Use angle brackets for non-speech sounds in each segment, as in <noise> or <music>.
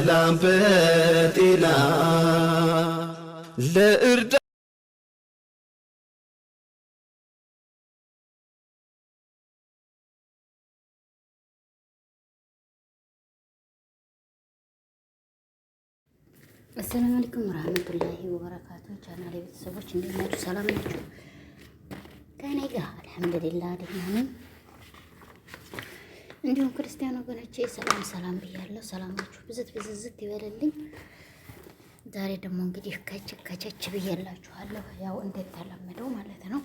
በሰላም በጤና ለእርዳ አሰላሙ አለይኩም ወራህመቱላሂ ወበረካቱ። ቻናሌ ቤተሰቦች እንዴት ናችሁ? ሰላም ናችሁ? ከኔ ጋር አልሐምዱሊላህ ደህና ነኝ። እንዲሁም ክርስቲያን ወገኖቼ ሰላም ሰላም ብያለሁ። ሰላማችሁ ብዝት ብዝዝት ይበልልኝ። ዛሬ ደግሞ እንግዲህ ከች ከቸች ብያላችኋለሁ። ያው እንደተለመደው ማለት ነው።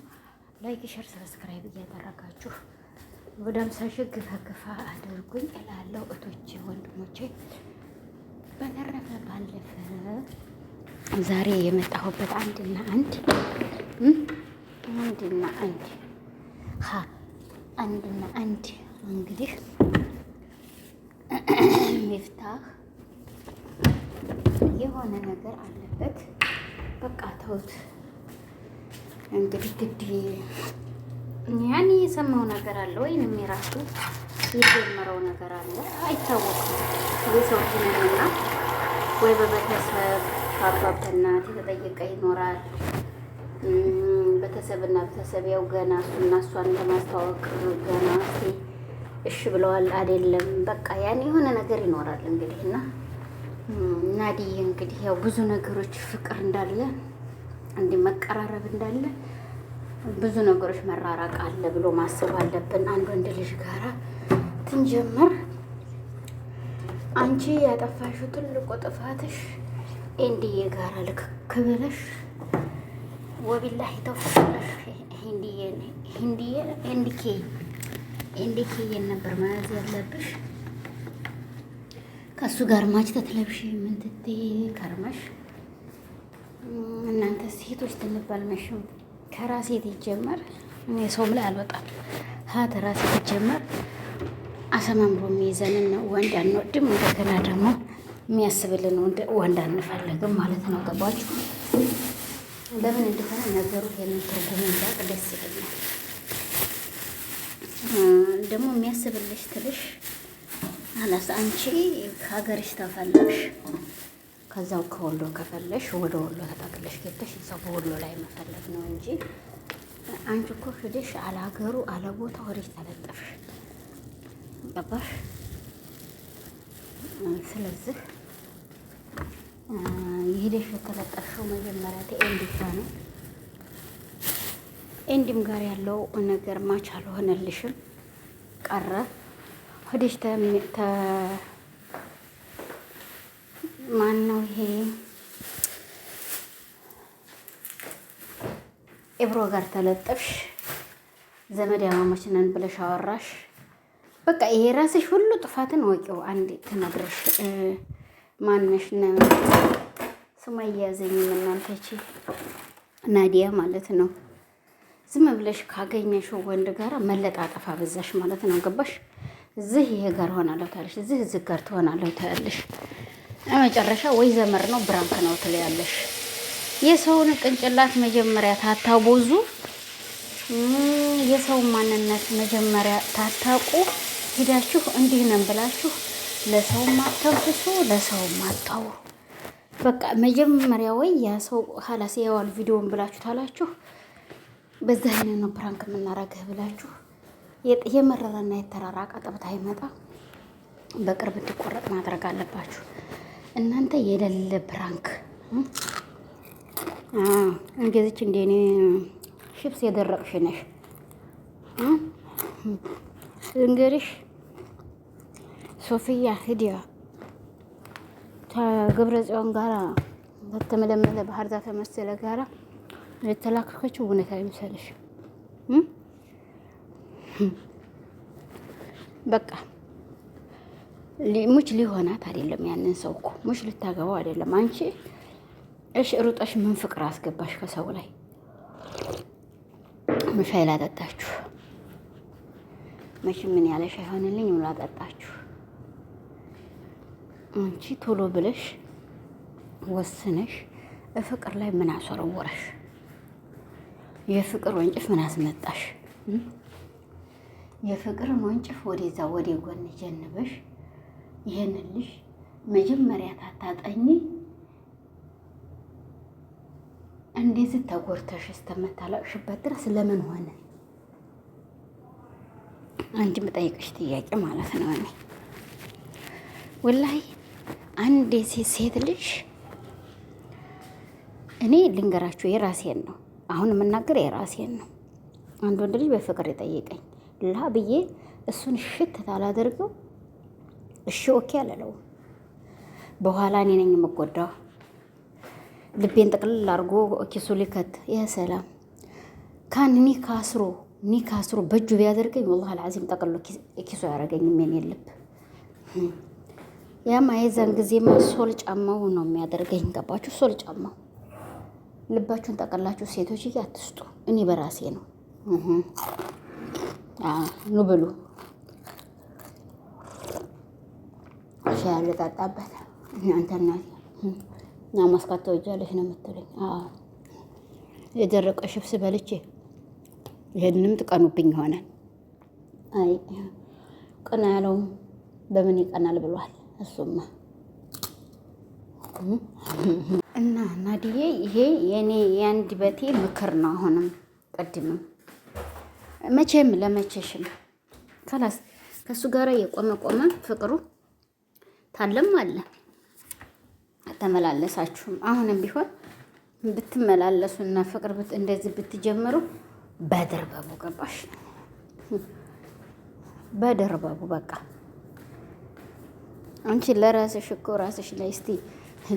ላይክ፣ ሸር፣ ሰብስክራይብ እያደረጋችሁ ወደ አምሳ ሺህ ግፋ ግፋ አድርጉኝ እላለሁ እቶቼ ወንድሞቼ። በተረፈ ባለፈ ዛሬ የመጣሁበት አንድና አንድ አንድና አንድ አንድና አንድ እንግዲህ ሚፍታህ የሆነ ነገር አለበት። በቃ ተውት እንግዲህ ግድ ያን የሰማው ነገር አለ ወይንም የራሱ የጀመረው ነገር አለ አይታወቅም። የሰው ጅንና ወይ በቤተሰብ በአባት በእናት የተጠየቀ ይኖራል። ቤተሰብና ቤተሰብ ያው ገና እሱና እሷን ለማስተዋወቅ ገና እሺ ብለዋል አይደለም። በቃ ያን የሆነ ነገር ይኖራል እንግዲህ እና ናዲዬ እንግዲህ ያው ብዙ ነገሮች ፍቅር እንዳለ እንዲህ መቀራረብ እንዳለ ብዙ ነገሮች መራራቅ አለ ብሎ ማሰብ አለብን። አንድ ወንድ ልጅ ጋራ ትንጀምር። አንቺ ያጠፋሽው ትልቁ ጥፋትሽ ኤንዲዬ ጋራ ልክክ ብለሽ ወቢላሂ ተውፍለሽ ሂንዲዬ ሂንዲዬ ኤንዲኬ እንዴት ነበር መያዝ ያለብሽ? ከእሱ ጋር ማች ተትለብሽ ምን ከርመሽ እናንተ ሴቶች ትንባልመሽም ከራሴ ትጀመር እኔ ሰውም ላይ አልወጣም። ሀት ራሴ ትጀመር አሰማምሮ የሚይዘንን ነው ወንድ አንወድም። እንደገና ደግሞ የሚያስብልን ወንድ አንፈልግም ማለት ነው። ገባችሁ? ለምን እንደሆነ ነገሩ ይህንን እንዳቅ ደስ ይለኛል። ደግሞ የሚያስብልሽ ትልሽ አላስ አንቺ ከሀገርሽ ተፈለሽ ከዛው ከወሎ ከፈለሽ ወደ ወሎ ተጠቅለሽ ገብተሽ እዛው በወሎ ላይ መፈለግ ነው እንጂ አንቺ እኮ ሂደሽ አላገሩ አለቦታ ወደሽ ተለጠፍሽ ገባሽ። ስለዚህ ይሄደሽ የተለጠፍሽው መጀመሪያ ቴኤንዲፋ ነው። ኤንዲም ጋር ያለው ነገር ማች አልሆነልሽም ቀረ። ሆድሽ ተ ማን ነው ይሄ ኤብሮ ጋር ተለጠፍሽ። ዘመድ ያማሞች ነን ብለሽ አወራሽ። በቃ ይሄ ራስሽ ሁሉ ጥፋትን ወቂው አንዴ ትነግርሽ ማነሽ ነ ስማ እያዘኝም ናዲያ ማለት ነው። ዝም ብለሽ ካገኘሽው ወንድ ጋር መለጣጠፍ አበዛሽ ማለት ነው። ገባሽ? እዚህ ይሄ ጋር ሆናለሁ ታለሽ፣ እዚህ እዚህ ጋር ትሆናለሁ ታያለሽ። መጨረሻ ወይ ዘመር ነው ብራንክ ነው ትለያለሽ። የሰውን ቅንጭላት መጀመሪያ ታታቦዙ፣ የሰውን ማንነት መጀመሪያ ታታቁ። ሂዳችሁ እንዲህ ነን ብላችሁ ለሰው አተንፍሱ፣ ለሰው አታውሩ። በቃ መጀመሪያ ወይ ያ ሰው ሀላስ ያዋል ቪዲዮን ብላችሁ ታላችሁ በዛ አይነት ነው ፕራንክ የምናረግህ ብላችሁ የመረረና የተራራቀ ጥብት ይመጣ በቅርብ እንዲቆረጥ ማድረግ አለባችሁ። እናንተ የሌለ ፕራንክ እንዴዝች እንደኔ ሽብስ የደረቅሽ ነሽ እንግዲህ ሶፊያ ሂዲያ ከገብረ ጽዮን ጋራ ከተመለመለ ባህር ዛፍ መሰለ ጋራ የተላከከችው እውነት አይምሰልሽ። በቃ ሙች ሊሆናት አይደለም። ያንን ሰው እኮ ሙች ልታገባው አይደለም። አንቺ እሽ ሩጠሽ ምን ፍቅር አስገባሽ ከሰው ላይ? ምን ሻይ ላጠጣችሁ? መቼም ምን ያለሽ ሻይ ላጠጣችሁ? አንቺ ቶሎ ብለሽ ወስነሽ ፍቅር ላይ ምን አስወረወረሽ? የፍቅር ወንጭፍ ምን አስመጣሽ? የፍቅርን ወንጭፍ ወደዛ ወደ ጎን ጀንበሽ ይሄንልሽ ልጅ መጀመሪያ ታታጠኝ እንዴት ተጎርተሽ እስከምታለቅሽበት ድረስ ለምን ሆነ? አንቺ የምጠይቅሽ ጥያቄ ማለት ነው። እኔ ወላሂ አንዴ ሴት ልጅ እኔ ልንገራችሁ የራሴን ነው አሁን የምናገር የራሴን ነው። አንድ ወንድ ልጅ በፍቅር የጠየቀኝ ላ ብዬ እሱን ሽት ታላደርገው እሺ ኦኬ አለለው። በኋላ እኔ ነኝ የምጎዳው። ልቤን ጥቅልል አድርጎ ኪሱ ሊከት ይህ ሰላም ካን ኒ ካስሮ ኒ ካስሮ በእጁ ቢያደርገኝ ወላሂ አልዓዚም ጠቅሎ ኪሱ አያደርገኝም የኔ ልብ። ያማ የዛን ጊዜማ ሶል ጫማው ነው የሚያደርገኝ። ገባችሁ? ሶል ጫማው ልባችሁን ጠቀላችሁ ሴቶች አትስጡ። እኔ በራሴ ነው ኑ ብሉ ሻይ ልጠጣበት። እናንተና እና ማስካት ተወጃለሽ ነው የምትለኝ። የደረቀ ሽብስ በልቼ ይህንንም ጥቀኑብኝ ይሆናል። አይ ቀና ያለውም በምን ይቀናል ብሏል እሱማ እና ናድዬ ይሄ የኔ የአንድ በቴ ምክር ነው። አሁንም ቀድምም መቼም ለመቼሽም ከላስ ከእሱ ጋር የቆመ ቆመ ፍቅሩ ታለም አለ አልተመላለሳችሁም። አሁንም ቢሆን ብትመላለሱና ፍቅር እንደዚህ ብትጀምሩ በደርበቡ ገባሽ፣ በደርበቡ በቃ አንቺ ለራስሽ እኮ ራስሽ ላይ እስቲ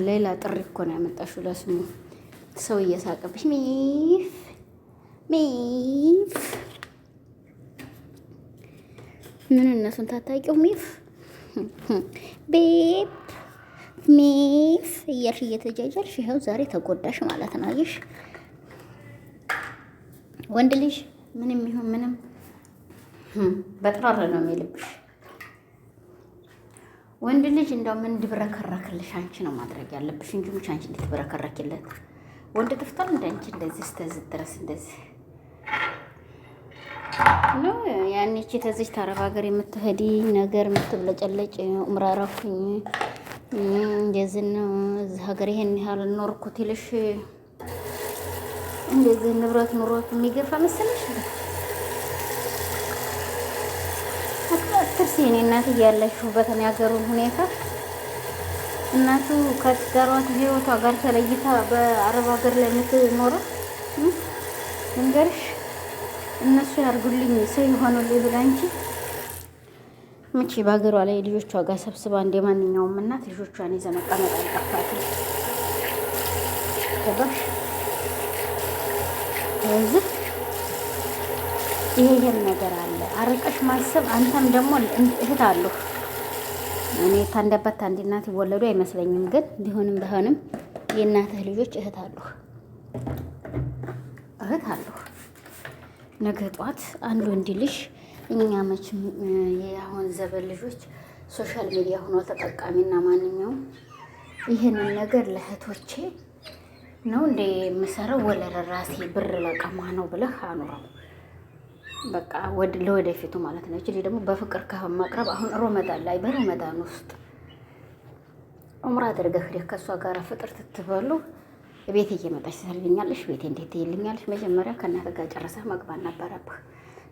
ሌላ ጥሪ እኮ ነው ያመጣሽው ለስሙ ሰው እየሳቀብሽ ሚፍ ሚፍ ምን እነሱን ታታቂው ሚፍ <laughs> ቤፕ ሚፍ እያልሽ እየተጃጃልሽ ይኸው ዛሬ ተጎዳሽ ማለት ነው። አየሽ ወንድ ልጅ ምንም ይሁን ምንም በጥራረ ነው የሚልብሽ። ወንድ ልጅ እንደውም እንድብረከረክልሽ አንቺ ነው ማድረግ ያለብሽ እንጂ ሙች አንቺ እንድትብረከረክለት ወንድ ጥፍቷል። እንደ አንቺ እንደዚህ ስተዚህ ድረስ እንደዚህ ኖ ያኔ እቺ ተዚህ ታረብ ሀገር የምትሄዲ ነገር የምትብለጨለጭ ምራራኩኝ እንደዚህ ነው። እዚህ ሀገር ይሄን ያህል ኖርኩት ይልሽ እንደዚህ ንብረት ኑሮት የሚገፋ መሰለሽ። እስኪ እኔ እናት እያለችሁበትን ያገሩን ሁኔታ እናቱ ከትዳሯ ህይወቷ ጋር ተለይታ በአረብ ሀገር ላይ የምትኖረው እንገርሽ እነሱ ያርጉልኝ ሰው የሆኑልኝ ብላ እንጂ ምቺ በሀገሯ ላይ ልጆቿ ጋር ሰብስባ እንደ ማንኛውም እናት ልጆቿን ይዘ መቀመጥ አይጠፋትም። ስለዚህ ይሄን ነገር አለ አርቀሽ ማሰብ። አንተም ደግሞ እህት አሉ እኔ ታንደበት ታንድ እናት ይወለዱ አይመስለኝም፣ ግን ቢሆንም ባይሆንም የእናትህ ልጆች እህት አሉ እህት አሉ። ነገ አንድ ወንድ ልጅ እኛ መቼም የአሁን ዘበን ልጆች ሶሻል ሚዲያ ሆኖ ተጠቃሚና ማንኛውም ይህንን ነገር ለእህቶቼ ነው እንደ የምሰራው ወለለ ራሴ ብር ለቀማ ነው ብለህ አኑረው። በቃ ለወደፊቱ ማለት ነው። እቺ ደግሞ በፍቅር ከመቅረብ አሁን ሮመዳን ላይ በሮመዳን ውስጥ ኡምራ አድርገህ ሄደህ ከእሷ ጋር ፍጥር ትትበሉ ቤት እየመጣች ትሰልብኛለሽ፣ ቤት እንዴት ትይልኛለሽ? መጀመሪያ ከእናትህ ጋር ጨርሰህ መግባት ነበረብህ።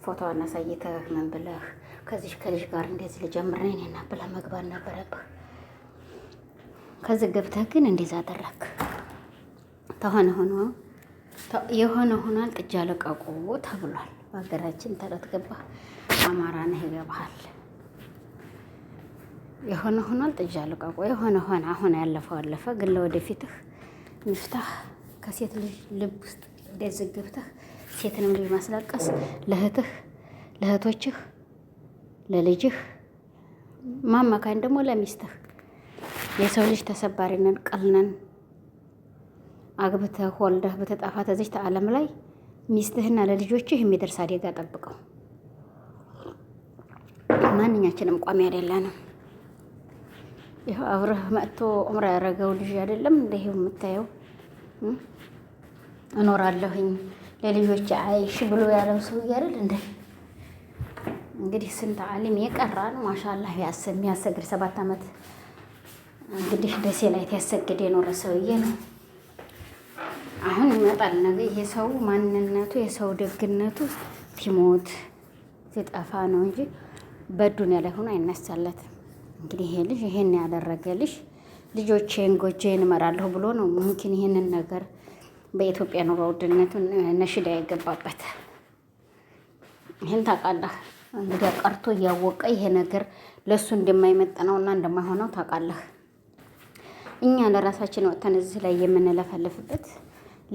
ፎቶዋን አሳይተህ ምን ብለህ ከዚህ ከልጅ ጋር እንደዚህ ልጀምር ነኝ እና ብለህ መግባት ነበረብህ። ከዚህ ገብተህ ግን እንደዛ አደረክ። ተሆነ ሆኖ የሆነ ሆኗል። ጥጃ ለቀቁ ተብሏል። በሀገራችን ተረት ገባ አማራ ነህ ይገባሃል። የሆነ ሆኗል ጥጃ ልቃቆ የሆነ ሆነ አሁን ያለፈው አለፈ። ግን ለወደፊትህ ሚፍታህ ከሴት ልጅ ልብ ውስጥ እንዳይዘገብተህ ሴትንም ልጅ ማስለቀስ ለእህትህ፣ ለእህቶችህ፣ ለልጅህ ማማካኝ ደግሞ ለሚስትህ የሰው ልጅ ተሰባሪነን ቀልነን አግብተህ ወልደህ በተጣፋ ተዚች ዓለም ላይ ሚስትህና ለልጆችህ የሚደርስ አደጋ ጠብቀው። ማንኛችንም ቋሚ አይደለንም። ይኸው አብረህ መጥቶ ዑምራ ያደረገው ልጅ አይደለም እንደህ የምታየው እኖራለሁኝ ለልጆች አይሽ ብሎ ያለው ሰው እያደል እንደ እንግዲህ ስንት አሊም የቀራን ማሻላ የሚያሰግድ ሰባት ዓመት እንግዲህ ደሴ ላይ ያሰግድ የኖረ ሰውዬ ነው። አሁን ይመጣል ነገ። ይሄ ሰው ማንነቱ የሰው ደግነቱ ቲሞት ሲጠፋ ነው እንጂ በዱንያ ላይ ሆኖ አይነሳለት። እንግዲህ ይሄ ልጅ ይሄን ያደረገልሽ ልጆቼን ጎጄን እመራለሁ ብሎ ነው። ሙምኪን ይህንን ነገር በኢትዮጵያ ኑሮ ውድነቱ ነሽዳ የገባበት ይህን ታውቃለህ። እንግዲህ ቀርቶ እያወቀ ይሄ ነገር ለእሱ እና እንደማይሆነው ታውቃለህ። እኛ ለራሳችን ወጥተን እዚህ ላይ የምንለፈልፍበት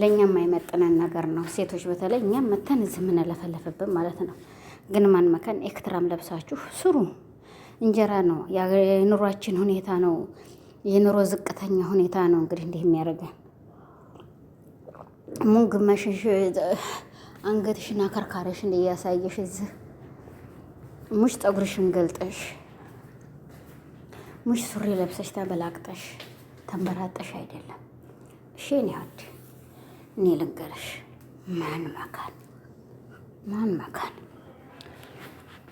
ለእኛ የማይመጥነን ነገር ነው። ሴቶች በተለይ እኛም መተን እዚህ የምንለፈለፍብን ማለት ነው። ግን ማን መከን ኤክትራም ለብሳችሁ ስሩ። እንጀራ ነው የኑሯችን ሁኔታ ነው። የኑሮ ዝቅተኛ ሁኔታ ነው እንግዲህ እንዲህ የሚያደርገን ሙንግ መሸሽ አንገትሽን አከርካሪሽን እያሳየሽ እዚህ ሙሽ ፀጉርሽን ገልጠሽ ሙሽ ሱሪ ለብሰሽ ተበላቅጠሽ ተንበራጠሽ አይደለም። ሽን ያድ እኔ ልንገርሽ፣ ማን መካን ማን መካን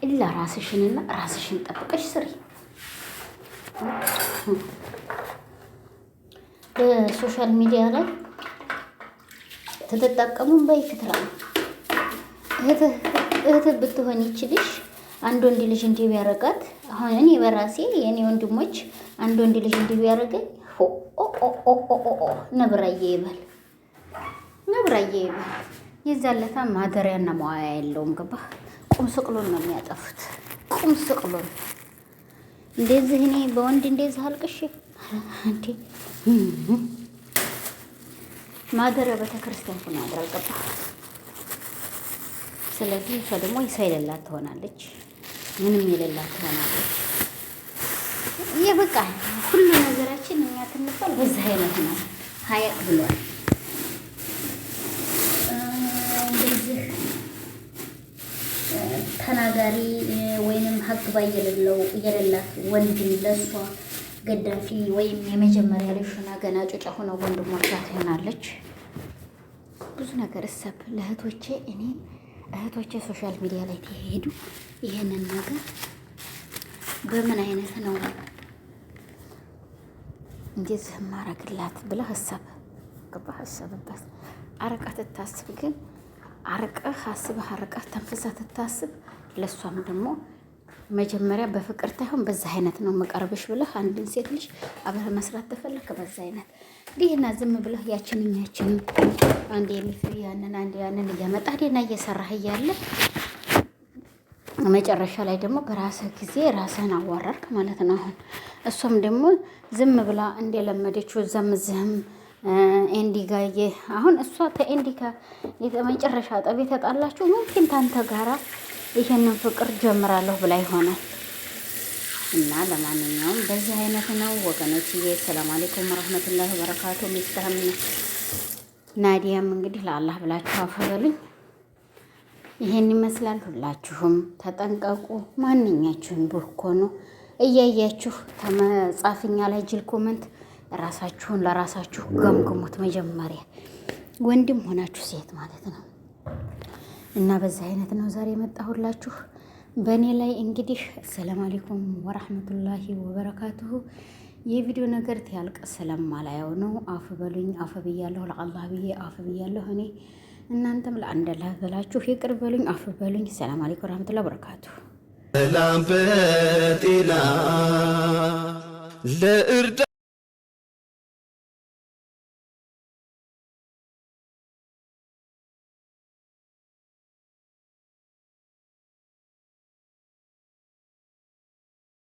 እላ ራስሽንና ራስሽን ጠብቀሽ ስሪ። በሶሻል ሚዲያ ላይ ተጠጣቀሙን በይክትራ እህት ብትሆን ይችልሽ አንድ ወንድ ልጅ እንዲህ ቢያረጋት፣ አሁን እኔ በራሴ የእኔ ወንድሞች አንድ ወንድ ልጅ እንዲህ ቢያረገኝ ነብራዬ ይበል ነብራዬ የዛለታ ማደሪያና መዋያ የለውም። ገባ ቁም ስቅሉን ነው የሚያጠፉት። ቁም ስቅሉን እንደዚህ እኔ በወንድ እንደዚህ አልቅሽ እንዴ ማደሪያው ቤተክርስቲያን ሆኖ ያድራል። ገባ ስለዚህ እሷ ደግሞ ይሳ የሌላት ትሆናለች፣ ምንም የሌላት ትሆናለች። ይህ በቃ ሁሉ ነገራችን እኛ ትንባል በዚህ አይነት ነው ሀያቅ ብሏል። አፍቃሪ ወይንም ሀቅ ባይ የሌለው የሌላት ወንድም ለእሷ ገዳፊ ወይም የመጀመሪያ ልሹና ገና ጩጫ ሆነ ወንድም ወርዳት ትሆናለች። ብዙ ነገር እሰብ ለእህቶቼ እኔ እህቶቼ ሶሻል ሚዲያ ላይ ተሄዱ ይህንን ነገር በምን አይነት ነው እንደዚህ ማረግላት ብለ ሀሳብ ቅባ ሀሳብበት አረቃ ትታስብ ግን አርቀህ አስበህ አርቀህ ተንፈሳ ትታስብ ለእሷም ደግሞ መጀመሪያ በፍቅር ታይሆን በዛ አይነት ነው መቀርብሽ ብለህ አንድን ሴት ልጅ አብረህ መስራት ተፈለግ በዛ አይነት እንዲህና ዝም ብለህ ያችንን ያችን አንድ የሚፍር ያንን አንድ ያንን እያመጣ ዴና እየሰራህ እያለ መጨረሻ ላይ ደግሞ በራስህ ጊዜ ራስህን አዋራርክ ማለት ነው። አሁን እሷም ደግሞ ዝም ብላ እንደለመደችው እዛም እዚህም ኤንዲጋ አሁን እሷ ተኤንዲጋ መጨረሻ ጠብ የተጣላችሁ ምንኪን ታንተ ጋራ ይሄንን ፍቅር ጀምራለሁ ብላ ይሆናል እና ለማንኛውም በዚህ አይነት ነው ወገኖችዬ። ሰላም አለይኩም ወራህመቱላሂ ወበረካቱ። ሚስተርም ናዲያም እንግዲህ ለአላህ ብላችሁ አፈበሉኝ። ይሄን ይመስላል። ሁላችሁም ተጠንቀቁ። ማንኛችሁም ነው እያያችሁ ተመጻፍኛ ላይ ጅል ኮመንት ራሳችሁን ለራሳችሁ ገምግሙት። መጀመሪያ ወንድም ሆናችሁ ሴት ማለት ነው እና በዚህ አይነት ነው ዛሬ የመጣሁላችሁ በእኔ ላይ እንግዲህ አሰላም አሌይኩም ወራህመቱላሂ ወበረካቱሁ። የቪዲዮ ነገር ያልቅ ስለማላየው ነው። አፍ በሉኝ፣ አፍ ብያለሁ፣ ለአላህ ብዬ አፍ ብያለሁ። እኔ እናንተም ለአንድ ብላችሁ ይቅር በሉኝ፣ አፍ በሉኝ። ሰላም አሌይኩም ወራህመቱላሂ ወበረካቱሁ። ሰላም በጤና ለእርዳ